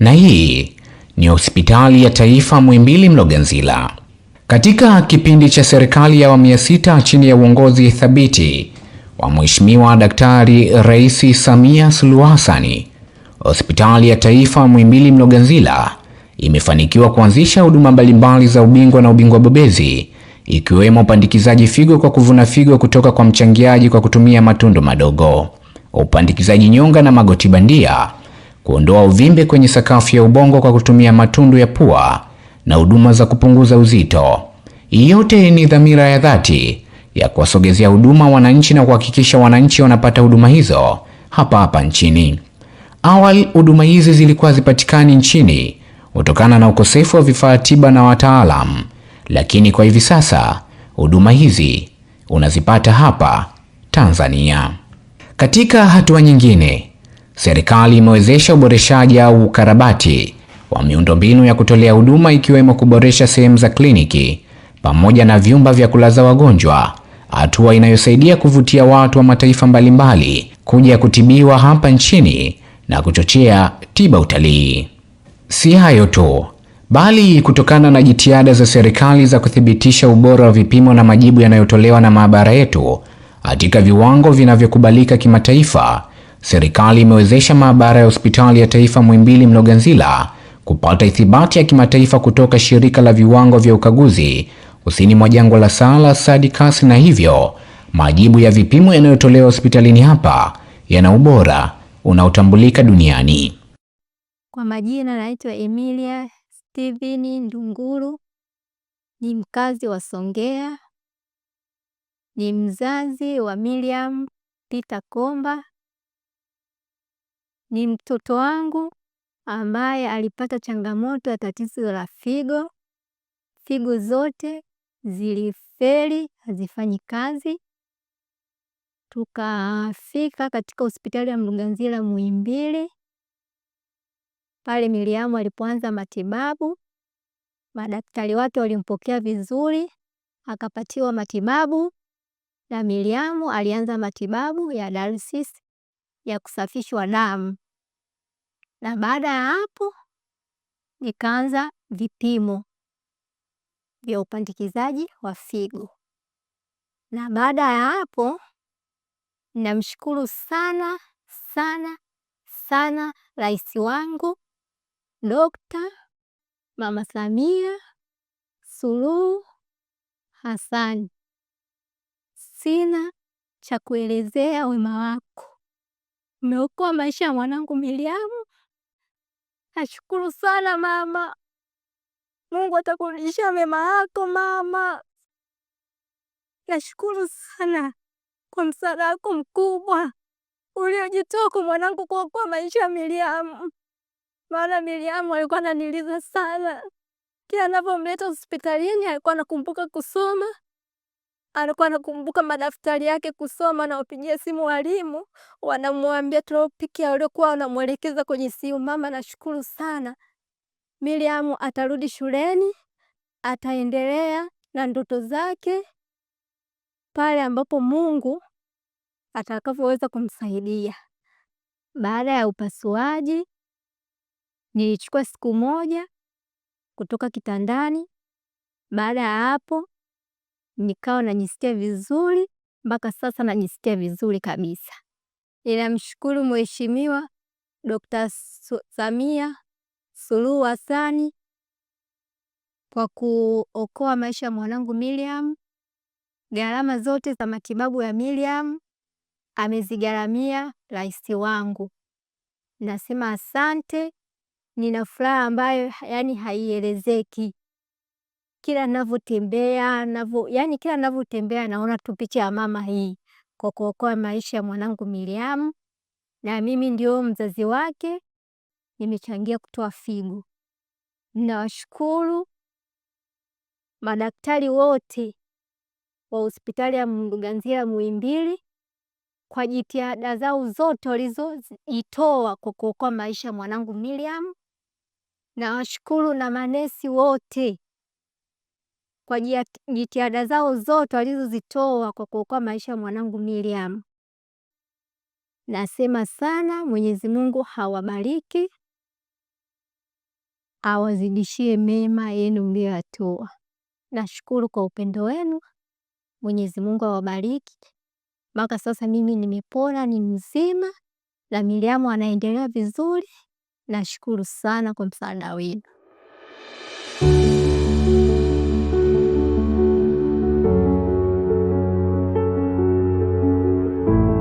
na hii ni hospitali ya taifa Muhimbili Mloganzila. Katika kipindi cha serikali ya awamu ya sita chini ya uongozi thabiti wa Mheshimiwa Daktari Rais Samia Suluhu Hassan, hospitali ya taifa Muhimbili Mloganzila imefanikiwa kuanzisha huduma mbalimbali za ubingwa na ubingwa bobezi ikiwemo upandikizaji figo kwa kuvuna figo kutoka kwa mchangiaji kwa kutumia matundu madogo, upandikizaji nyonga na magoti bandia kuondoa uvimbe kwenye sakafu ya ubongo kwa kutumia matundu ya pua na huduma za kupunguza uzito. Yote ni dhamira ya dhati ya kuwasogezea huduma wananchi na kuhakikisha wananchi wanapata huduma hizo hapa hapa nchini. Awali huduma hizi zilikuwa zipatikani nchini kutokana na ukosefu wa vifaa tiba na wataalamu, lakini kwa hivi sasa huduma hizi unazipata hapa Tanzania. Katika hatua nyingine Serikali imewezesha uboreshaji au ukarabati wa miundombinu ya kutolea huduma ikiwemo kuboresha sehemu za kliniki pamoja na vyumba vya kulaza wagonjwa, hatua inayosaidia kuvutia watu wa mataifa mbalimbali kuja kutibiwa hapa nchini na kuchochea tiba utalii. Si hayo tu, bali kutokana na jitihada za serikali za kuthibitisha ubora wa vipimo na majibu yanayotolewa na maabara yetu katika viwango vinavyokubalika kimataifa serikali imewezesha maabara ya hospitali ya taifa Muhimbili Mloganzila kupata ithibati ya kimataifa kutoka shirika la viwango vya ukaguzi kusini mwa jangwa la Sahara SADCAS, na hivyo majibu ya vipimo yanayotolewa hospitalini hapa yana ubora unaotambulika duniani. Kwa majina naitwa Emilia Steven Ndunguru, ni mkazi wa Songea, ni mzazi wa Miriam Peter Komba ni mtoto wangu ambaye alipata changamoto ya tatizo la figo, figo zote zilifeli, hazifanyi kazi. Tukafika katika hospitali ya Mloganzila Muhimbili, pale miliamu alipoanza matibabu, madaktari wake walimpokea vizuri, akapatiwa matibabu na miliamu alianza matibabu ya dialysis ya kusafishwa damu, na baada ya hapo nikaanza vipimo vya upandikizaji wa figo, na baada ya hapo namshukuru sana sana sana rais wangu Dokta Mama Samia Suluhu Hassan. Sina cha kuelezea wema wako. Umeokoa maisha ya mwanangu Miriamu. Nashukuru sana mama. Mungu atakurudishia mema yako mama. Nashukuru sana kwa msaada wako mkubwa uliojitoa kwa mwanangu kuokoa maisha ya Miriamu, maana Miriamu alikuwa ananiliza sana, kila anapomleta hospitalini alikuwa anakumbuka kusoma alikuwa anakumbuka madaftari yake kusoma, wapigia simu walimu, wanamwambia tropiki aliokuwa wanamwelekeza kwenye simu. Mama, nashukuru sana, Miriam atarudi shuleni, ataendelea na ndoto zake pale ambapo Mungu atakavyoweza kumsaidia. Baada ya upasuaji, nilichukua siku moja kutoka kitandani. Baada ya hapo nikawa najisikia vizuri mpaka sasa najisikia vizuri kabisa. Ninamshukuru Mheshimiwa Dkt. Samia Suluhu Hassan kwa kuokoa maisha ya mwanangu Miriam. Gharama zote za matibabu ya Miriam amezigharamia rais wangu, nasema asante. Nina furaha ambayo yani haielezeki kila navyotembea navyo, yani kila navyotembea naona tu picha ya mama hii, kwa kuokoa maisha ya mwanangu Miriam, na mimi ndio mzazi wake, nimechangia kutoa figo. Ninawashukuru madaktari wote wa hospitali ya Mloganzila Muhimbili kwa jitihada zao zote walizozitoa kwa kuokoa maisha ya mwanangu Miriam. Nawashukuru na manesi wote kwa jitihada zao zote walizozitoa kwa kuokoa maisha ya mwanangu Miriam. Nasema sana, Mwenyezi Mungu hawabariki, awazidishie mema yenu mliyoyatoa. Nashukuru kwa upendo wenu. Mwenyezi Mungu awabariki. Mpaka sasa mimi nimepona, ni mzima na Miriam anaendelea vizuri. Nashukuru sana kwa msaada wenu.